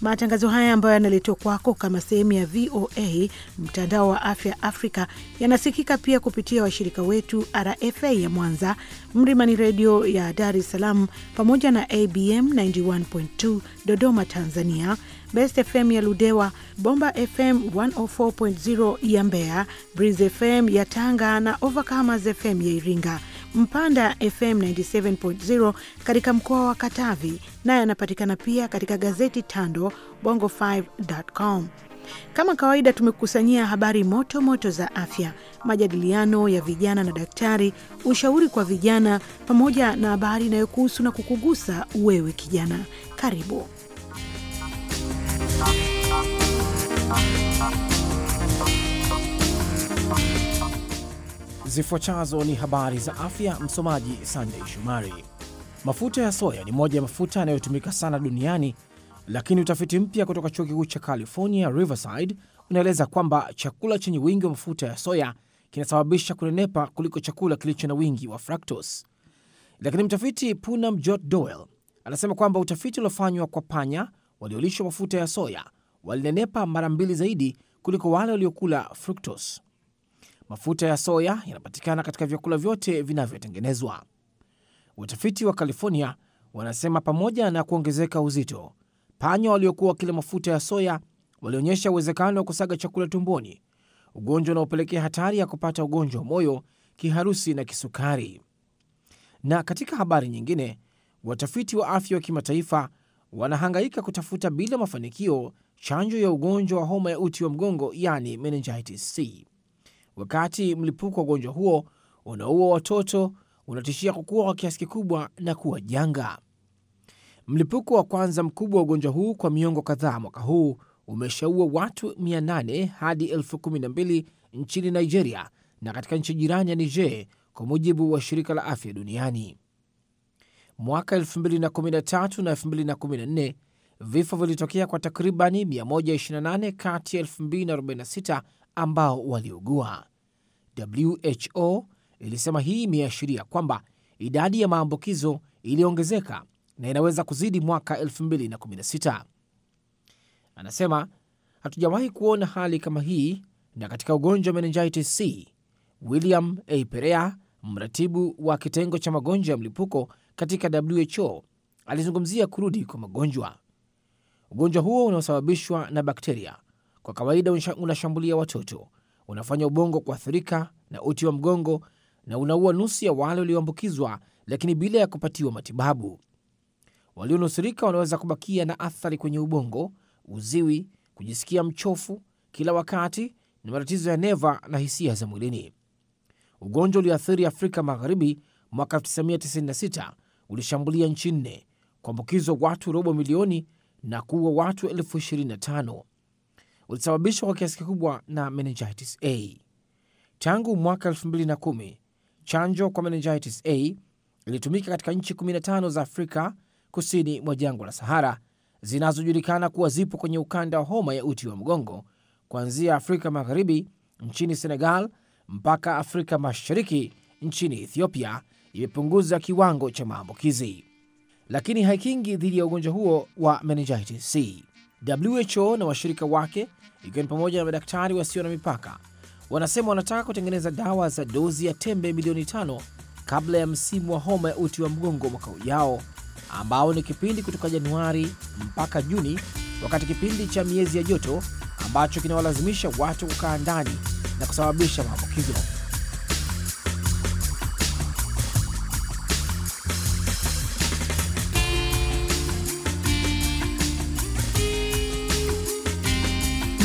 Matangazo haya ambayo yanaletwa kwako kama sehemu ya VOA mtandao wa afya Afrika yanasikika pia kupitia washirika wetu RFA ya Mwanza, Mlimani redio ya Dar es Salaam, pamoja na ABM 91.2 Dodoma, Tanzania, Best FM ya Ludewa, Bomba FM 104.0 ya Mbeya, Breeze FM ya Tanga na Overcomers FM ya Iringa, Mpanda FM 97.0 katika mkoa wa Katavi, naye yanapatikana pia katika gazeti Tando Bongo5.com. Kama kawaida tumekusanyia habari moto moto za afya, majadiliano ya vijana na daktari, ushauri kwa vijana, pamoja na habari inayokuhusu na kukugusa wewe kijana. Karibu. Zifuatazo ni habari za afya. Msomaji Sandei Shumari. Mafuta ya soya ni moja ya mafuta yanayotumika sana duniani, lakini utafiti mpya kutoka chuo kikuu cha California Riverside unaeleza kwamba chakula chenye wingi wa mafuta ya soya kinasababisha kunenepa kuliko chakula kilicho na wingi wa fructose. Lakini mtafiti Poonam Jot Doyle anasema kwamba utafiti uliofanywa kwa panya waliolishwa mafuta ya soya walinenepa mara mbili zaidi kuliko wale waliokula fructose. Mafuta ya soya yanapatikana katika vyakula vyote vinavyotengenezwa. Watafiti wa California wanasema pamoja na kuongezeka uzito, panya waliokuwa wakila mafuta ya soya walionyesha uwezekano wa kusaga chakula tumboni, ugonjwa unaopelekea hatari ya kupata ugonjwa wa moyo, kiharusi na kisukari. Na katika habari nyingine, watafiti wa afya wa kimataifa wanahangaika kutafuta bila mafanikio chanjo ya ugonjwa wa homa ya uti wa mgongo, yani meningitis C. Wakati mlipuko wa ugonjwa huo unaua watoto, unatishia kukua kwa kiasi kikubwa na kuwa janga. Mlipuko wa kwanza mkubwa wa ugonjwa huu kwa miongo kadhaa mwaka huu umeshaua watu 800 hadi 12 nchini Nigeria na katika nchi jirani ya Niger, kwa mujibu wa shirika la afya duniani. Mwaka 2013 na 2014 vifo vilitokea kwa takribani 128 kati ya 2046 ambao waliugua. WHO ilisema hii imeashiria kwamba idadi ya maambukizo iliongezeka na inaweza kuzidi mwaka 2016. Anasema hatujawahi kuona hali kama hii, na katika ugonjwa wa meningitis C. William A. Perea, mratibu wa kitengo cha magonjwa ya mlipuko katika WHO, alizungumzia kurudi kwa magonjwa. Ugonjwa huo unaosababishwa na bakteria kwa kawaida unashambulia watoto, unafanya ubongo kuathirika na uti wa mgongo, na unaua nusu ya wale walioambukizwa, lakini bila ya kupatiwa matibabu. Walionusurika wanaweza kubakia na athari kwenye ubongo, uziwi, kujisikia mchofu kila wakati na matatizo ya neva na hisia za mwilini. Ugonjwa ulioathiri Afrika Magharibi mwaka 1996 ulishambulia nchi nne, kuambukizwa watu robo milioni na kuua watu elfu 25 ulisababishwa kwa kiasi kikubwa na meningitis A. Tangu mwaka 2010 chanjo kwa meningitis A ilitumika katika nchi 15 za Afrika kusini mwa jangwa la Sahara zinazojulikana kuwa zipo kwenye ukanda wa homa ya uti wa mgongo kuanzia Afrika Magharibi nchini Senegal mpaka Afrika Mashariki nchini Ethiopia imepunguza kiwango cha maambukizi lakini haikingi dhidi ya ugonjwa huo wa meningitis C. WHO na washirika wake ikiwa ni pamoja na madaktari wasio na mipaka wanasema wanataka kutengeneza dawa za dozi ya tembe milioni tano kabla ya msimu wa homa ya uti wa mgongo mwaka ujao, ambao ni kipindi kutoka Januari mpaka Juni, wakati kipindi cha miezi ya joto ambacho kinawalazimisha watu kukaa ndani na kusababisha maambukizo.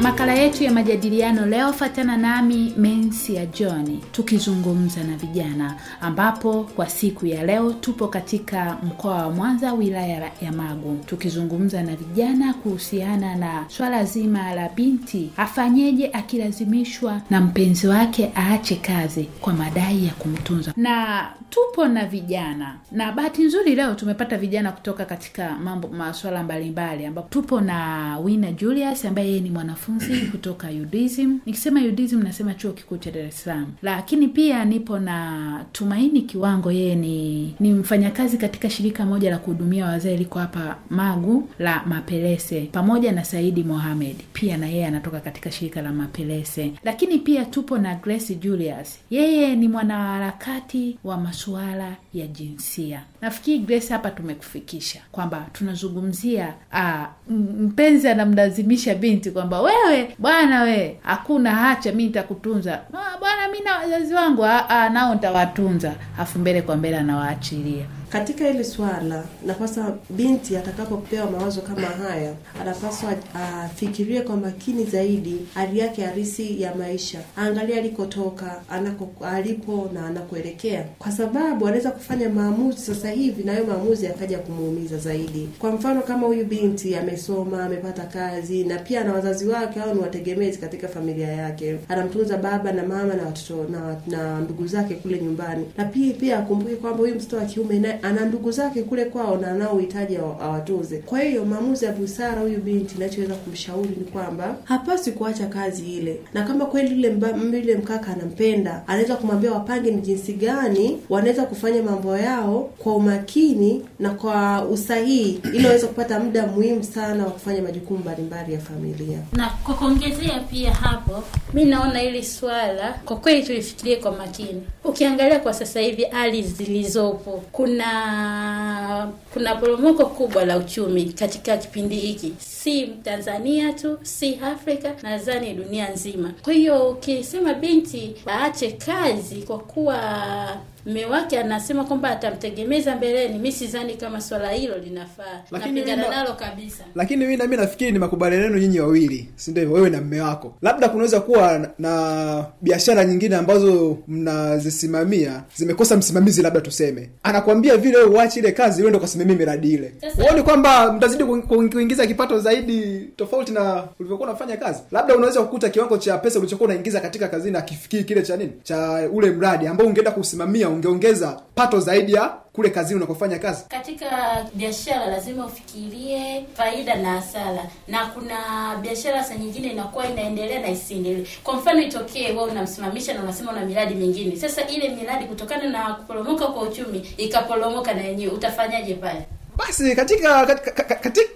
makala yetu ya majadiliano leo, fatana nami Mensi ya John tukizungumza na vijana, ambapo kwa siku ya leo tupo katika mkoa wa Mwanza, wilaya ya Magu, tukizungumza na vijana kuhusiana na swala zima la binti afanyeje akilazimishwa na mpenzi wake aache kazi kwa madai ya kumtunza, na tupo na vijana, na bahati nzuri leo tumepata vijana kutoka katika mambo maswala mbalimbali, ambapo tupo na Wina Julius ambaye yeye ni mwana wanafunzi kutoka UDSM. Nikisema UDSM nasema chuo kikuu cha Dar es Salaam, lakini pia nipo na Tumaini Kiwango, yeye ni ni mfanyakazi katika shirika moja la kuhudumia wazee liko hapa Magu la Mapelese, pamoja na Saidi Mohamed, pia na yeye anatoka katika shirika la Mapelese. Lakini pia tupo na Grace Julius, yeye ni mwanaharakati wa masuala ya jinsia. Nafikiri Grace, hapa tumekufikisha kwamba tunazungumzia ah, mpenzi anamlazimisha binti kwamba wewe bwana we hakuna hacha mi ntakutunza ah, bwana mi na wazazi wangu ah, ah, nao ntawatunza afu mbele kwa mbele anawaachilia katika hili swala. kwasa binti atakapopewa mawazo kama haya, anapaswa afikirie kwa makini zaidi hali yake harisi ya maisha, aangalie alikotoka, alipo na anakuelekea, kwa sababu anaweza kufanya maamuzi sasa hivi na hiyo maamuzi akaja kumuumiza zaidi. Kwa mfano, kama huyu binti amesoma, amepata kazi na pia ana wazazi wake au ni wategemezi katika familia yake, anamtunza baba na mama na watoto na, na ndugu zake kule nyumbani, na pia pia akumbuke kwamba huyu mtoto wa kiume naye ana ndugu zake kule kwao na nao uhitaji awatuze. Kwa hiyo maamuzi ya busara huyu binti, nachoweza kumshauri ni kwamba hapaswi kuacha kazi ile, na kama kweli yule yule mkaka anampenda, anaweza kumwambia wapange ni jinsi gani wanaweza kufanya mambo yao kwa umakini na kwa usahihi, ili waweze kupata muda muhimu sana wa kufanya majukumu mbalimbali ya familia. Na kwa kuongezea pia hapo, mi naona hili swala kwa kweli tulifikirie kwa makini. Ukiangalia kwa sasa hivi hali zilizopo, kuna kuna poromoko kubwa la uchumi katika kipindi hiki si Tanzania tu, si Afrika, nadhani dunia nzima. Kwa hiyo ukisema binti aache kazi kwa kuwa mume wake anasema kwamba atamtegemeza mbeleni, mi sidhani kama swala hilo linafaa, napingana nalo kabisa. Lakini mi nami nafikiri ni makubaliano yenu nyinyi wawili, si ndio? Hivyo wewe na mume wako, labda kunaweza kuwa na, na biashara nyingine ambazo mnazisimamia zimekosa msimamizi, labda tuseme anakuambia vile, uache ile kazi, wewe ndio kasimamia miradi ile, huoni kwamba mtazidi kuingiza kipato za zaidi tofauti na ulivyokuwa unafanya kazi. Labda unaweza kukuta kiwango cha pesa ulichokuwa unaingiza katika kazini akifikii kile cha nini cha ule mradi ambao ungeenda kusimamia, ungeongeza pato zaidi ya kule kazini unakofanya kazi. Katika biashara lazima ufikirie faida na hasara, na kuna biashara saa nyingine inakuwa inaendelea na isiendelee. Kwa mfano, itokee wewe unamsimamisha na unasema una miradi mingine, sasa ile miradi kutokana na kuporomoka kwa uchumi ikaporomoka na yenyewe, utafanyaje pale? basi katika katika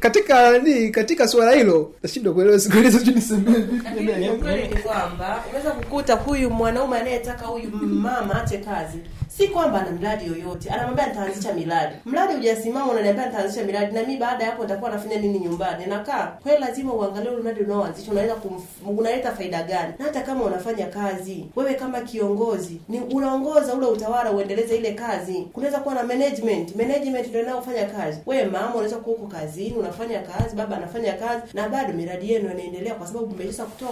katika ni, katika suala hilo nashindwa kuelewa sikueleza tu nisemee vipi kwamba unaweza kukuta huyu mwanaume anayetaka huyu mama ate kazi si kwamba ana mradi yoyote, anamwambia nitaanzisha miradi. Mradi hujasimama unaniambia nitaanzisha miradi, na mimi baada ya hapo nitakuwa nafanya nini nyumbani? Nakaa kweli, lazima uangalie ule mradi unaoanzisha unaweza unaleta faida gani, na hata kama unafanya kazi wewe kama kiongozi ni unaongoza ule utawala uendeleze ile kazi. Kunaweza kuwa na management, management ndio inayofanya kazi. Wewe mama unaweza kuwa huko kazini unafanya kazi, baba anafanya kazi, na bado miradi yenu inaendelea, kwa sababu mmeweza kutoa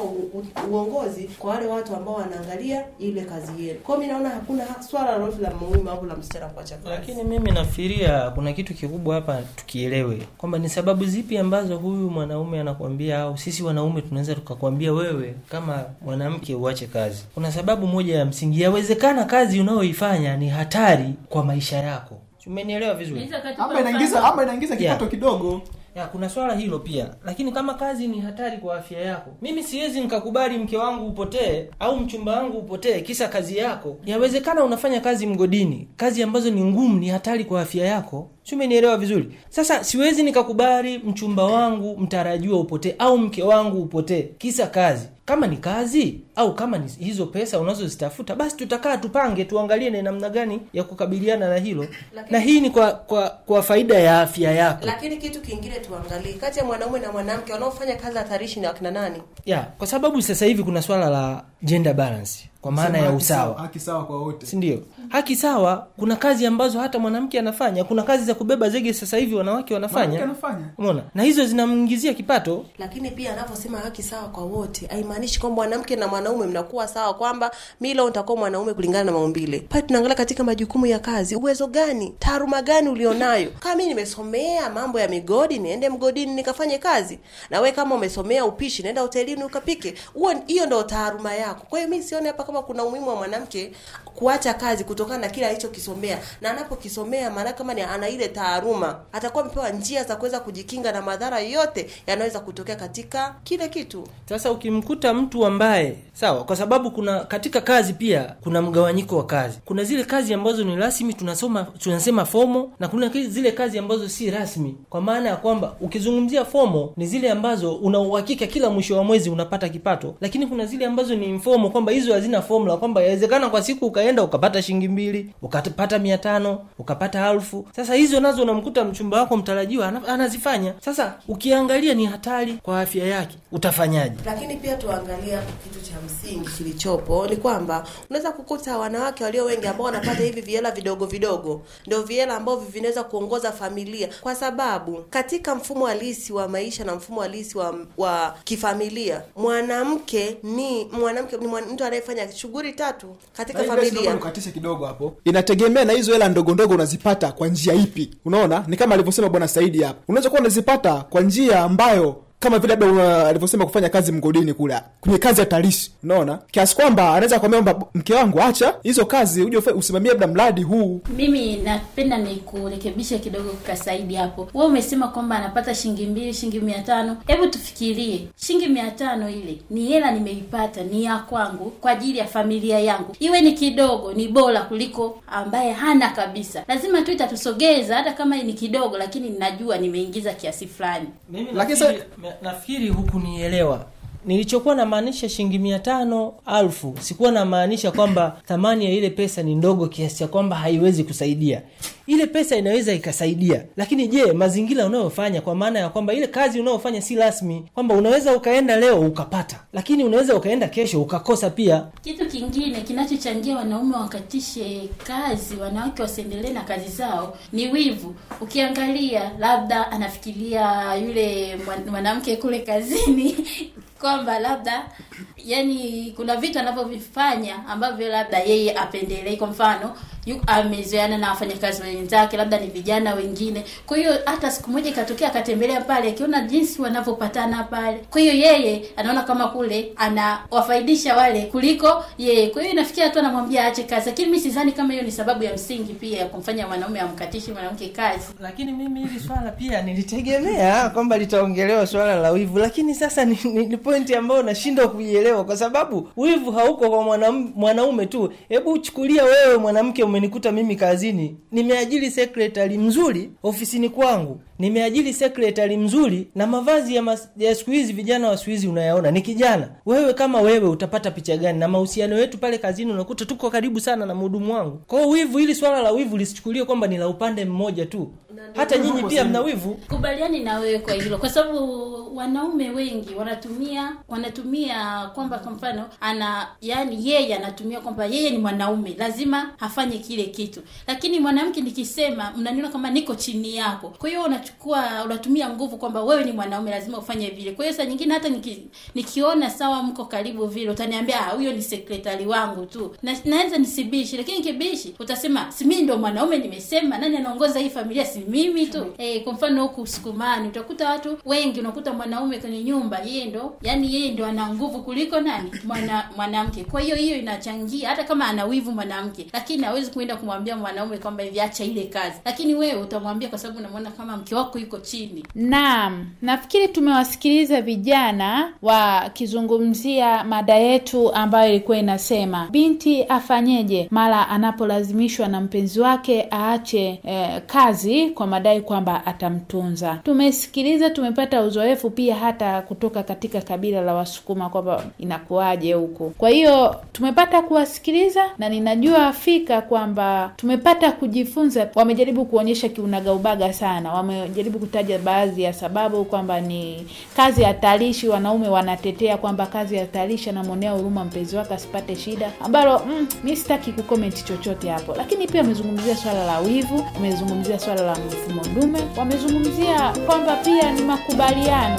uongozi kwa wale watu ambao wanaangalia ile kazi yenu. Kwa mimi naona hakuna swala la muhimu au la msichana kuacha klasi. Lakini mimi nafikiria kuna kitu kikubwa hapa tukielewe kwamba ni sababu zipi ambazo huyu mwanaume anakuambia au sisi wanaume tunaweza tukakwambia wewe kama mwanamke uache kazi. Kuna sababu moja ya msingi, yawezekana kazi unayoifanya ni hatari kwa maisha yako. Umenielewa vizuri? Ama inaingiza ama inaingiza kipato yeah, kidogo ya kuna swala hilo pia, lakini kama kazi ni hatari kwa afya yako, mimi siwezi nikakubali mke wangu upotee au mchumba wangu upotee kisa kazi yako. Yawezekana unafanya kazi mgodini, kazi ambazo ni ngumu, ni hatari kwa afya yako si umenielewa vizuri sasa siwezi nikakubali mchumba wangu mtarajiwa upotee au mke wangu upotee kisa kazi kama ni kazi au kama ni hizo pesa unazozitafuta basi tutakaa tupange tuangalie ni namna gani ya kukabiliana na hilo lakini, na hii ni kwa kwa kwa faida ya afya yako lakini kitu kingine tuangalie kati ya mwanaume na mwanamke wanaofanya kazi hatarishi na wakina nani ya yeah, kwa sababu sasa hivi kuna swala la gender balance kwa maana ya usawa haki sawa kwa wote si ndio haki sawa kuna kazi ambazo hata mwanamke anafanya kuna kazi za kubeba zege sasa hivi wanawake wanafanya umeona na hizo zinamwingizia kipato lakini pia anaposema haki sawa kwa wote haimaanishi kwamba mwanamke na mwanaume mnakuwa sawa kwamba mi leo nitakuwa mwanaume kulingana na maumbile pale tunaangalia katika majukumu ya kazi uwezo gani taaruma gani ulionayo kama mi nimesomea mambo ya migodi niende mgodini nikafanye kazi na we kama umesomea upishi naenda hotelini ukapike hiyo ndo taaruma yako kwa hiyo mi sione hapa kwamba kuna umuhimu wa mwanamke kuacha kazi kutokana na kile alichokisomea, na anapokisomea, maana kama ni ana ile taaruma, atakuwa amepewa njia za kuweza kujikinga na madhara yote yanaweza kutokea katika kile kitu. Sasa ukimkuta mtu ambaye sawa, kwa sababu kuna katika kazi pia kuna mgawanyiko wa kazi, kuna zile kazi ambazo ni rasmi tunasoma tunasema fomo, na kuna zile kazi ambazo si rasmi, kwa maana ya kwamba ukizungumzia fomo ni zile ambazo una uhakika kila mwisho wa mwezi unapata kipato, lakini kuna zile ambazo ni informo kwamba hizo hazina fomula kwamba yawezekana kwa siku ukaenda ukapata shilingi mbili, ukapata mia tano, ukapata alfu. Sasa hizo nazo unamkuta mchumba wako mtarajiwa anazifanya. Sasa ukiangalia ni hatari kwa afya yake, utafanyaje? Lakini pia tuangalia kitu cha msingi kilichopo ni kwamba unaweza kukuta wanawake walio wengi ambao wanapata hivi vihela vidogo vidogo, ndio vihela ambavyo vinaweza kuongoza familia, kwa sababu katika mfumo halisi wa maisha na mfumo halisi wa, wa kifamilia mwanamke ni mwanamke ni mtu anayefanya shughuli tatu katika familia. kidogo hapo, inategemea na hizo hela ndogo ndogo unazipata kwa njia ipi. Unaona, ni kama alivyosema bwana Saidi hapa, unaweza kuwa unazipata kwa njia ambayo kama vile labda uh, alivyosema kufanya kazi mgodini kula kwenye kazi ya tarishi, unaona kiasi kwamba anaweza kuambia kwamba mke wangu, acha hizo kazi, uje usimamie labda mradi huu. Mimi napenda nikurekebishe kidogo kwa Saidi hapo. Wewe umesema kwamba anapata shilingi mbili, shilingi mia tano. Hebu tufikirie, shilingi mia tano ile ni hela nimeipata, ni ya kwangu kwa ajili ya familia yangu, iwe ni kidogo, ni bora kuliko ambaye hana kabisa. Lazima tu itatusogeza, hata kama ni kidogo, lakini najua nimeingiza kiasi fulani. Lakini nafikiri hukunielewa nilichokuwa namaanisha shilingi mia tano alfu sikuwa namaanisha kwamba thamani ya ile pesa ni ndogo kiasi cha kwamba haiwezi kusaidia ile pesa inaweza ikasaidia, lakini je, mazingira unayofanya kwa maana ya kwamba ile kazi unayofanya si rasmi, kwamba unaweza ukaenda leo ukapata, lakini unaweza ukaenda kesho ukakosa pia. Kitu kingine kinachochangia wanaume wakatishe kazi, wanawake wasiendelee na kazi zao ni wivu. Ukiangalia, labda anafikiria yule mwanamke kule kazini kwamba labda yani kuna vitu anavyovifanya ambavyo labda yeye apendelei, kwa mfano amezoeana na wafanyakazi wenzake, labda ni vijana wengine. Kwa hiyo hata siku moja ikatokea akatembelea pale, akiona jinsi wanavyopatana pale, kwa hiyo yeye anaona kama kule anawafaidisha wale kuliko yeye. Kwa hiyo inafikia hatua anamwambia aache kazi, lakini mi sidhani kama hiyo ni sababu ya msingi pia ya kumfanya mwanaume amkatishe mwanamke kazi. Lakini mimi hili swala pia nilitegemea kwamba litaongelewa swala la wivu, lakini sasa ni, ni, ni pointi ambayo nashindwa kuielewa, kwa sababu wivu hauko kwa mwanaume tu. Hebu chukulia wewe mwanamke umenikuta mimi kazini, nimeajiri sekretari mzuri ofisini kwangu, nimeajili sekretari mzuri na mavazi ya, mas, ya siku hizi vijana wa siku hizi unayaona, ni kijana wewe, kama wewe utapata picha gani? Na mahusiano yetu pale kazini unakuta tuko karibu sana na mhudumu wangu. kwao wivu, hili swala la wivu lisichukuliwe kwamba ni la upande mmoja tu, hata nyinyi pia mna wivu. Kubaliani na wewe kwa hilo, kwa sababu wanaume wengi wanatumia wanatumia kwamba kwa mfano ana yani, yeye anatumia kwamba yeye ni mwanaume lazima afanye kile kitu, lakini mwanamke nikisema mnaniona kama niko chini yako, kwa hiyo unachukua unatumia nguvu kwamba wewe ni mwanaume lazima ufanye vile. Kwa hiyo saa nyingine hata niki, nikiona sawa mko karibu vile utaniambia ah, huyo ni sekretari wangu tu. Na, naweza nisibishi lakini kibishi utasema si mimi ndio mwanaume nimesema, nani anaongoza hii familia si mimi tu. Mm. Eh, kwa mfano huku sukumani utakuta watu wengi unakuta mwanaume kwenye nyumba yeye ndo, yani yeye ndo ana nguvu kuliko nani? Mwana mwanamke. Kwa hiyo hiyo inachangia hata kama ana wivu mwanamke, lakini hawezi kuenda kumwambia mwanaume kwamba hivi acha ile kazi. Lakini wewe utamwambia kwa sababu unamwona kama mke wanawake wako iko chini. Naam, nafikiri tumewasikiliza vijana wakizungumzia mada yetu ambayo ilikuwa inasema binti afanyeje mara anapolazimishwa na mpenzi wake aache eh, kazi kwa madai kwamba atamtunza. Tumesikiliza, tumepata uzoefu pia hata kutoka katika kabila la Wasukuma kwamba inakuwaje huku Kwa hiyo tumepata kuwasikiliza na ninajua fika kwamba tumepata kujifunza. Wamejaribu kuonyesha kiunagaubaga sana, wame jaribu kutaja baadhi ya sababu kwamba ni kazi hatarishi. Wanaume wanatetea kwamba kazi hatarishi, anamwonea huruma mpenzi wake asipate shida, ambalo mm, mi sitaki kukomenti chochote hapo. Lakini pia wamezungumzia swala la wivu, wamezungumzia swala la mfumo dume, wamezungumzia kwamba pia ni makubaliano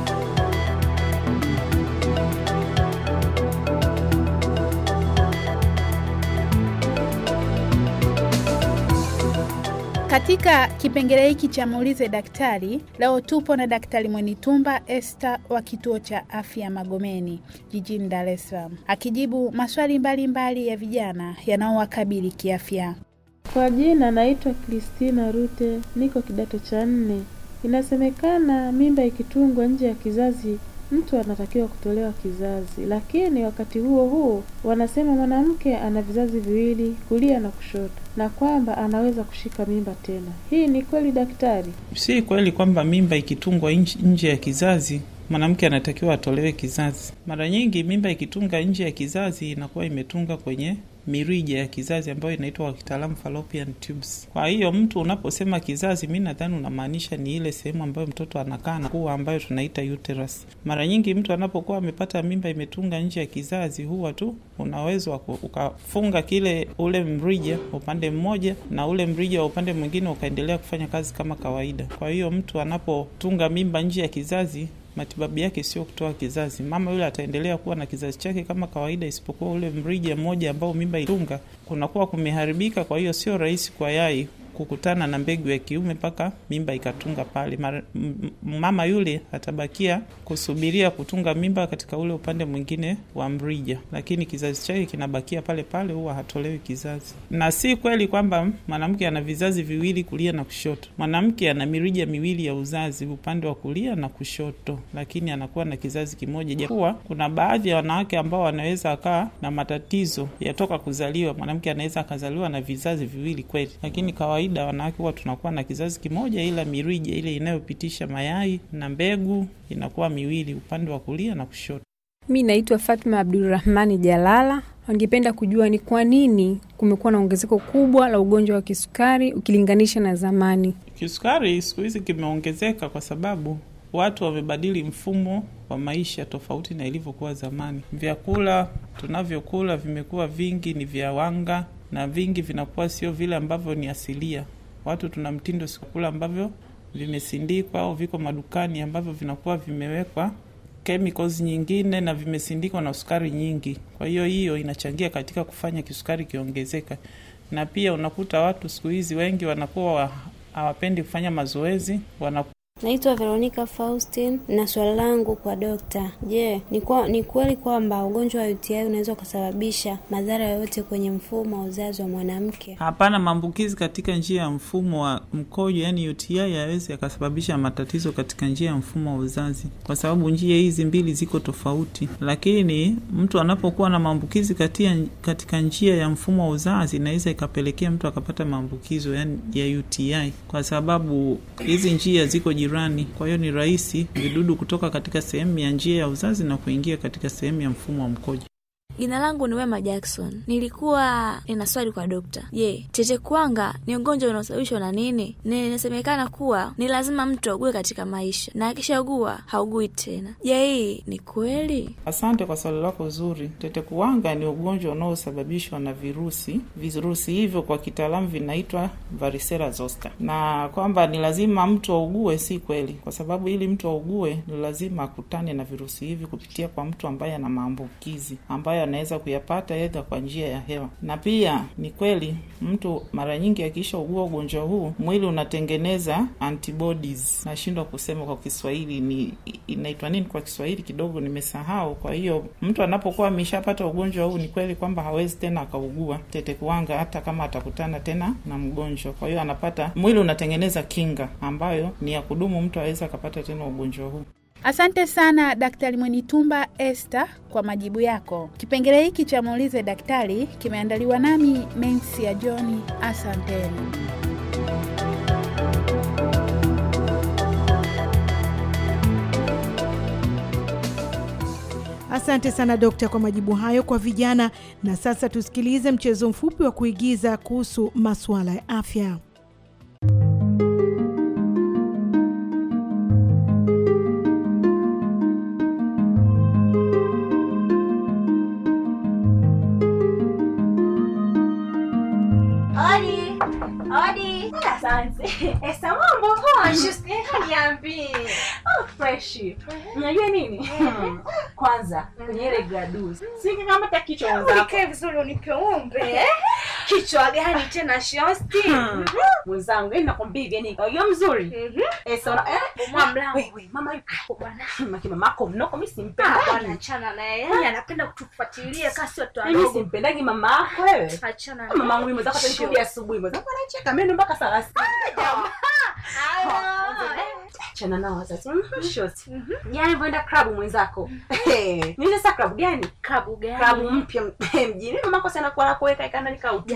Katika kipengele hiki cha muulize daktari, leo tupo na Daktari Mwenitumba este wa kituo cha afya Magomeni jijini Dar es Salaam, akijibu maswali mbalimbali mbali ya vijana yanaowakabili kiafya. Kwa jina naitwa Kristina Rute, niko kidato cha nne. Inasemekana mimba ikitungwa nje ya kizazi mtu anatakiwa kutolewa kizazi, lakini wakati huo huo wanasema mwanamke ana vizazi viwili, kulia na kushoto, na kwamba anaweza kushika mimba tena. Hii ni kweli daktari? Si kweli kwamba mimba ikitungwa nje ya kizazi mwanamke anatakiwa atolewe kizazi. Mara nyingi mimba ikitunga nje ya kizazi inakuwa imetunga kwenye mirija ya kizazi ambayo inaitwa kwa kitaalamu fallopian tubes. Kwa hiyo mtu unaposema kizazi, mi nadhani unamaanisha ni ile sehemu ambayo mtoto anakaa na kuwa, ambayo tunaita uterus. Mara nyingi mtu anapokuwa amepata mimba imetunga nje ya kizazi, huwa tu unaweza ukafunga kile ule mrija upande mmoja na ule mrija wa upande mwingine ukaendelea kufanya kazi kama kawaida. Kwa hiyo mtu anapotunga mimba nje ya kizazi matibabu yake sio kutoa kizazi. Mama yule ataendelea kuwa na kizazi chake kama kawaida, isipokuwa ule mrija mmoja ambao mimba itunga kunakuwa kumeharibika, kwa hiyo sio rahisi kwa yai kukutana na mbegu ya kiume mpaka mimba ikatunga pale. Mama yule atabakia kusubiria kutunga mimba katika ule upande mwingine wa mrija, lakini kizazi chake kinabakia pale pale, huwa hatolewi kizazi. Na si kweli kwamba mwanamke ana vizazi viwili, kulia na kushoto. Mwanamke ana mirija miwili ya uzazi, upande wa kulia na kushoto, lakini anakuwa na kizazi kimoja, japokuwa kuna baadhi ya wanawake ambao wanaweza akaa na matatizo yatoka kuzaliwa. Mwanamke anaweza akazaliwa na vizazi viwili kweli, lakini kawaida kawaida wanawake huwa tunakuwa na kizazi kimoja, ila mirija ile inayopitisha mayai na mbegu inakuwa miwili, upande wa kulia na kushoto. Mi naitwa Fatma Abdurrahmani Jalala. Wangependa kujua ni kwa nini kumekuwa na ongezeko kubwa la ugonjwa wa kisukari ukilinganisha na zamani. Kisukari siku hizi kimeongezeka kwa sababu watu wamebadili mfumo wa maisha tofauti na ilivyokuwa zamani. Vyakula tunavyokula vimekuwa vingi ni vya wanga na vingi vinakuwa sio vile ambavyo ni asilia. Watu tuna mtindo sikukula ambavyo vimesindikwa au viko madukani ambavyo vinakuwa vimewekwa chemicals nyingine na vimesindikwa na sukari nyingi. Kwa hiyo hiyo inachangia katika kufanya kisukari kiongezeka, na pia unakuta watu siku hizi wengi wanakuwa hawapendi kufanya mazoezi wana Naitwa Veronica Faustin na swali langu kwa dokta, je, ni kweli kwamba ugonjwa wa UTI unaweza ukasababisha madhara yoyote kwenye mfumo wa uzazi wa mwanamke? Hapana, maambukizi katika njia ya mfumo wa mkojo, yani UTI, yawezi yakasababisha matatizo katika njia ya mfumo wa uzazi, kwa sababu njia hizi mbili ziko tofauti. Lakini mtu anapokuwa na maambukizi katika, katika njia ya mfumo wa uzazi, inaweza ikapelekea mtu akapata maambukizo yani ya UTI, kwa sababu hizi njia ziko jiru jirani. Kwa hiyo ni rahisi vidudu kutoka katika sehemu ya njia ya uzazi na kuingia katika sehemu ya mfumo wa mkojo. Jina langu ni Wema Jackson. Nilikuwa nina swali kwa dokta. Je, tetekuwanga ni ugonjwa unaosababishwa na nini? inasemekana kuwa ni lazima mtu augue katika maisha na akishaugua haugui tena. Je, hii ni kweli? Asante kwa swali lako zuri. Tetekuwanga ni ugonjwa unaosababishwa na virusi. Virusi hivyo kwa kitaalamu vinaitwa varicella zoster, na kwamba ni lazima mtu augue, si kweli, kwa sababu ili mtu augue ni lazima akutane na virusi hivi kupitia kwa mtu ambaye ana maambukizi ambayo anaweza kuyapata edha kwa njia ya hewa. Na pia ni kweli mtu mara nyingi ugua ugonjwa huu mwili unatengeneza antibodies, nashindwa kusema kwa Kiswahili ni inaitwa nini kwa Kiswahili, kidogo nimesahau. Kwa hiyo mtu anapokuwa ameshapata ugonjwa huu, ni kweli kwamba hawezi tena akaugua tetekuwanga, hata kama atakutana tena na mgonjwa. Kwa hiyo anapata, mwili unatengeneza kinga ambayo ni ya kudumu, mtu aweza akapata tena ugonjwa huu. Asante sana Daktari Mwenitumba Esther kwa majibu yako. Kipengele hiki cha muulize daktari kimeandaliwa nami Mensi ya John. Asanteni. Asante sana dokta kwa majibu hayo kwa vijana. Na sasa tusikilize mchezo mfupi wa kuigiza kuhusu masuala ya afya. Estamos ambos anxious, niambie. Oh, fresh. Unajua nini? Mm. Kwanza kwenye ile gradus. Siki kama takicho mwanzo. Nikae vizuri unipe ombe. Eh? kichwa gani tena shosti hmm. mhm. mwenzangu yani nakwambia hivi yani hiyo mzuri esona mhm. eh, eh? mama wewe mama yuko bwana maki mama yako mnoko mimi ah, simpendi bwana achana yeye yani eh. anapenda kutufuatilia kasi watu yaani wadogo mimi simpendagi mama yako wewe achana na mama wangu mzaka atanirudi asubuhi mzaka anacheka mimi mpaka saa ah, 6 jamaa eh, achana na wazazi mhm, shoti yani voenda club mwenzako ni sasa club gani club gani club mpya mjini mama kwa sana kwa kuweka ikana nikauta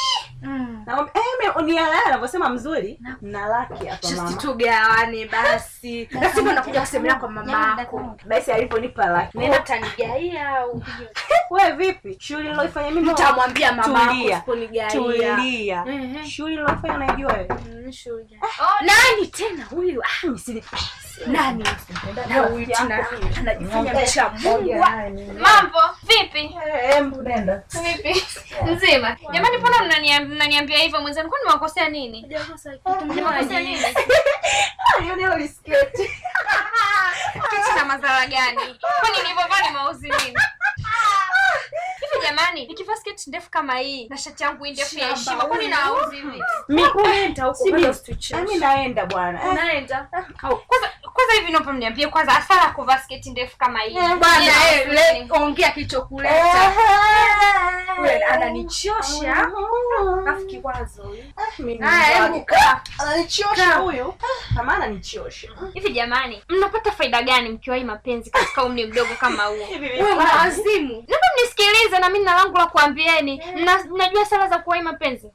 Mm. Eh, anavyosema mzuri mna laki tugawani basi siku nakuja kusemela kwa mama yaani, yako basi alivyonipa laki nenda tanigaia au we vipi shughuli niloifanya mimi mtamwambia mama tulia shughuli niloifanya najua wewe mm, eh. nani tena huyu ah, nani na uitina anajifanya mcha Mungu. Mambo vipi? Eh, hebu nenda. Vipi? Nzima. Jamani, mbona mnaniambia hivyo mwenzenu? Kwani mwakosea nini? Hujakosea kitu. Nimewakosea nini? Hiyo ndio Kitu oh, na yaani madhara gani? Kwani nilivyovaa ni mauzi nini? jamani nikivaa sketi ndefu kama hii na shati yangu hii ndefu ya heshima kwani nauzi vitu mimi naenda bwana unaenda ah, ah. kwanza kwanza hivi naomba mniambie kwanza asala kuvaa sketi ndefu kama hii eh, bwana eh, ongea kilichokuleta eh, ananichosha Rafiki kwanza ah, ah, ah, huyu. Ananichosha huyu. Na Kama ananichosha. Mm-hmm. Hivi jamani, mnapata faida gani mkiwa mkiwahi mapenzi katika umri mdogo kama huo? Wewe mwazimu. Naomba mnisikilize na mimi na langu la kuambieni. Mm. Mnajua sala za kuwa kuwahi mapenzi?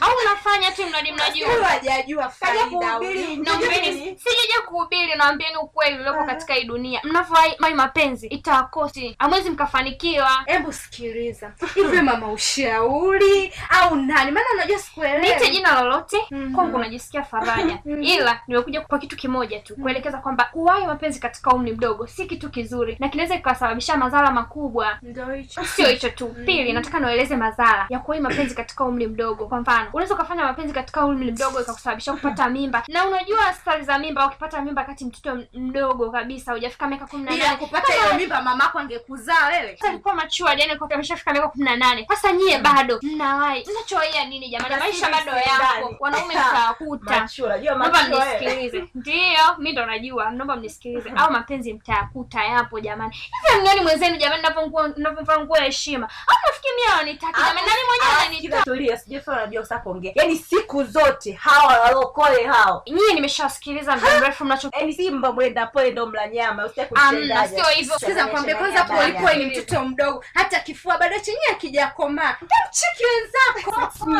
Au unafanya tu mradi mnajua? Wewe hajajua faida huyu. Naombeni sijaje kuhubiri naambieni yaani ukweli uliopo katika hii dunia. Mnavyowahi mapenzi itawakosi. Hamwezi mkafanikiwa. Hebu sikiliza. Hivi mama ushauri au nani? maana unajua sikuelewi. Niite jina lolote mm -hmm. kwangu unajisikia faraja mm -hmm. ila nimekuja kwa kitu kimoja tu mhm. kuelekeza kwamba kuwahi mapenzi katika umri mdogo si kitu kizuri na kinaweza kikasababisha madhara makubwa. Ndio hicho, sio hicho tu mm -hmm. Pili, nataka nieleze madhara ya kuwahi mapenzi katika umri mdogo. Kwa mfano, unaweza ukafanya mapenzi katika umri mdogo ikakusababisha kupata mimba, na unajua stari za mimba. Ukipata mimba kati mtoto mdogo kabisa, hujafika miaka 18. bila kupata hiyo mimba, mamako angekuzaa wewe. Sasa kwa machua, yani kwa ameshafika miaka 18. Sasa nyie mm. bado mnawahi Mnachoia nini jamani? Maisha bado yako, wanaume mtayakuta. Naomba mnisikilize. Ndio mi ndo najua, naomba mnisikilize. Au mapenzi mtayakuta, yapo jamani. Hivi mnioni mwenzenu jamani, navyovaa nguo ya heshima, au nafikiri mi awanitaki ah, jamani? Nani mwenyewe ah, ananitaka? Tulia, sijui sasa unajua usapoongea. Yaani siku zote hawa walokole hao, nyinyi nimeshawasikiliza mda mrefu, mnacho yani, simba mwenda pole ndo mla nyama, usitaki kushinda. sio hivyo. Sikiza kwambia, kwanza polipoi ni mtoto mdogo, hata kifua bado chenyewe hakijakomaa. Mcheki wenzako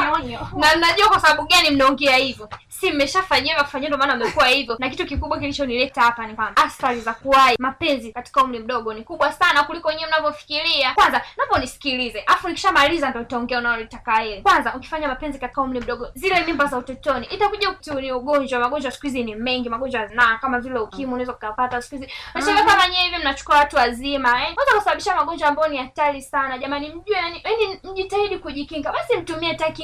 na najua kwa sababu gani mnaongea hivyo si mmeshafanyiwa mafanyia ndio maana mmekuwa hivyo na kitu kikubwa kilichonileta hapa ni kwamba athari za kuwai mapenzi katika umri mdogo ni kubwa sana kuliko wenyewe mnavyofikiria kwanza napo nisikilize afu nikishamaliza ndo nitaongea unaolitaka yeye kwanza ukifanya mapenzi katika umri mdogo zile mimba za utotoni itakuja ni ugonjwa magonjwa siku hizi ni mengi magonjwa na kama vile ukimu mm. unaweza ukapata siku hizi mm-hmm. nashaga kama nyewe hivi mnachukua watu wazima eh kwanza kusababisha magonjwa ambayo ni hatari sana jamani mjue yani mjitahidi kujikinga basi mtumie taki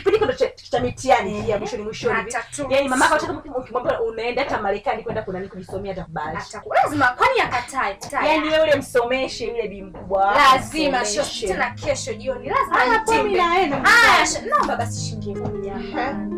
kipindi cha mitiani ya mwishoni mwishoni, yani mama yako ukimwambia unaenda hata Marekani kwenda kuna nini kujisomea, atakubali lazima, kwani akatae? yani wewe msomeshe yule bi mkubwa, lazima tena kesho jioni, lazima mimi naenda. Haya, naomba basi shilingi 10 hapa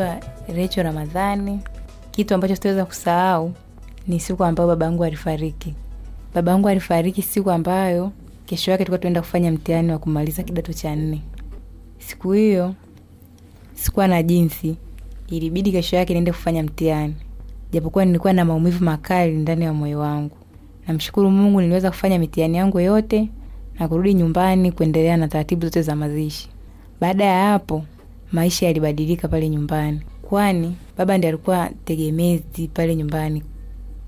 naitwa recho Ramadhani. Kitu ambacho sitaweza kusahau ni siku ambayo baba yangu alifariki. baba yangu alifariki siku ambayo kesho yake tulikuwa tuenda kufanya mtihani wa kumaliza kidato cha nne. Siku hiyo sikuwa na jinsi, ilibidi kesho yake niende kufanya mtihani, japokuwa nilikuwa na maumivu makali ndani ya moyo wangu. Namshukuru Mungu, niliweza kufanya mitihani yangu yote na kurudi nyumbani kuendelea na taratibu zote za mazishi. Baada ya hapo maisha yalibadilika pale nyumbani, kwani baba ndiye alikuwa tegemezi pale nyumbani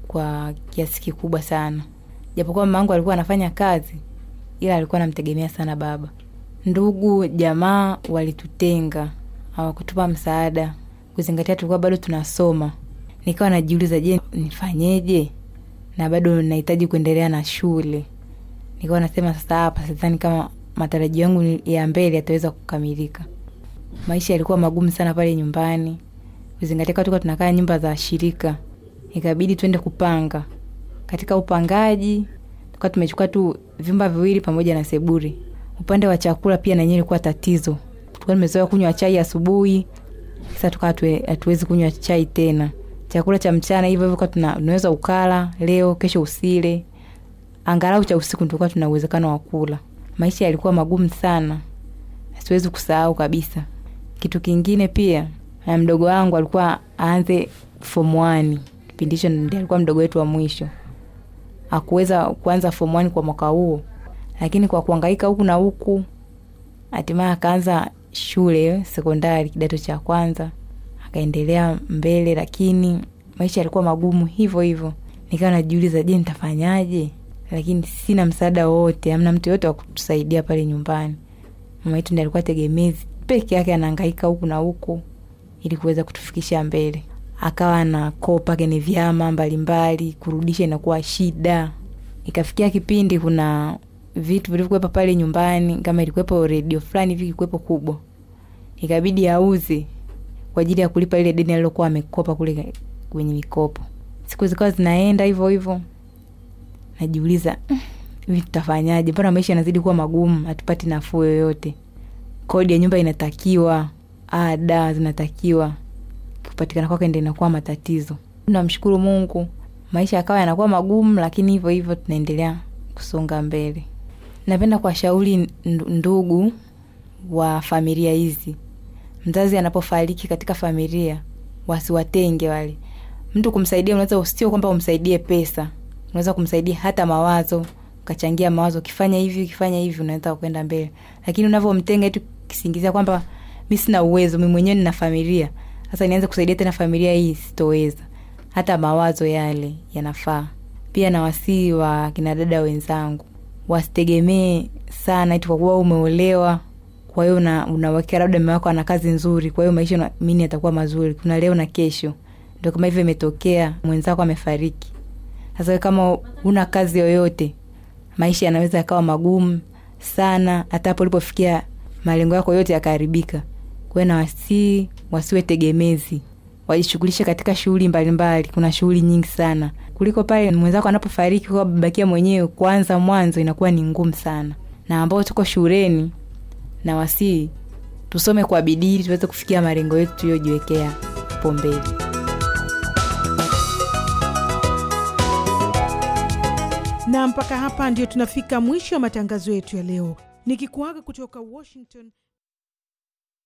kwa kiasi kikubwa sana. Japokuwa mamangu alikuwa anafanya kazi, ila alikuwa anamtegemea sana baba. Ndugu jamaa walitutenga, hawakutupa msaada, kuzingatia tulikuwa bado tunasoma. Nikawa najiuliza, je, nifanyeje? na bado nahitaji kuendelea na shule. Nikawa nasema sasa hapa sidhani kama matarajio yangu ya mbele yataweza kukamilika maisha yalikuwa magumu sana pale nyumbani, uzingatia tuka tunakaa nyumba za shirika, ikabidi twende kupanga. Katika upangaji tuka tumechukua tu vyumba viwili pamoja na seburi. Upande wa chakula pia nanyewe ilikuwa tatizo, tuka tumezoea kunywa chai asubuhi, sasa tukawa hatuwezi kunywa chai tena. Chakula cha mchana hivyo hivyo, tunaweza ukala leo, kesho usile, angalau cha usiku tulikuwa tuna uwezekano wa kula. Maisha yalikuwa magumu sana, siwezi kusahau kabisa. Kitu kingine pia na eh, mdogo wangu alikuwa aanze form 1 kipindi hicho, ndiye alikuwa mdogo wetu wa mwisho. akuweza kuanza form 1 kwa mwaka huo, lakini kwa kuangaika huku na huku, hatimaye akaanza shule sekondari kidato cha kwanza, akaendelea mbele, lakini maisha yalikuwa magumu hivyo hivyo. Nikawa najiuliza, je, nitafanyaje? Lakini sina msaada wowote, amna mtu yoyote wa kutusaidia pale nyumbani. Mama yetu ndi alikuwa tegemezi peke yake anaangaika huku na huku ili kuweza kutufikisha mbele. Akawa anakopa kwenye vyama mbalimbali, kurudisha inakuwa shida. Ikafikia kipindi kuna vitu vilivyokuwepa pale nyumbani, kama ilikuwepo redio fulani hivi kikuwepo kubwa, ikabidi auze kwa ajili ya kulipa ile deni alilokuwa amekopa kule kwenye mikopo. Siku zikawa zinaenda hivyo hivyo, najiuliza mm, vitu tutafanyaje? Mbona maisha yanazidi kuwa magumu, hatupati nafuu yoyote kodi ya nyumba inatakiwa, ada zinatakiwa, kupatikana kwake ndo inakuwa matatizo. namshukuru Mungu, maisha yakawa yanakuwa magumu, lakini hivyo hivyo tunaendelea kusonga mbele. Napenda kuwashauri ndugu wa familia hizi, mzazi anapofariki katika familia wasiwatenge wale. Mtu kumsaidia, unaweza sio kwamba umsaidie pesa, unaweza kumsaidia hata mawazo, ukachangia mawazo, ukifanya hivi, ukifanya hivi, unaweza kwenda mbele, lakini unavyomtenga tu kisingizia kwamba mi sina uwezo, mi mwenyewe nina familia, sasa nianze kusaidia tena familia hii, sitoweza. Hata mawazo yale yanafaa. Pia na wasii wa dada wenzangu wasitegemee sana eti kwakuwa umeolewa kwa hiyo unawakika labda mume ana kazi nzuri, kwa hiyo maisha mini yatakuwa mazuri, kuna leo na kesho. Ndo kama hivyo imetokea, mwenzako amefariki. Sasa kama una kazi yoyote, maisha yanaweza yakawa magumu sana, hata hapo ulipofikia malengo yako yote yakaharibika. Kuwe na wasii wasiwe tegemezi, wajishughulishe katika shughuli mbalimbali. Kuna shughuli nyingi sana kuliko pale mwenzako anapofariki babakia mwenyewe. Kwanza mwanzo inakuwa ni ngumu sana, na ambao tuko shuleni na wasii tusome kwa bidii ili tuweze kufikia malengo yetu tuliyojiwekea pombeli mbele. Na mpaka hapa ndio tunafika mwisho wa matangazo yetu ya leo nikikuaga kutoka Washington.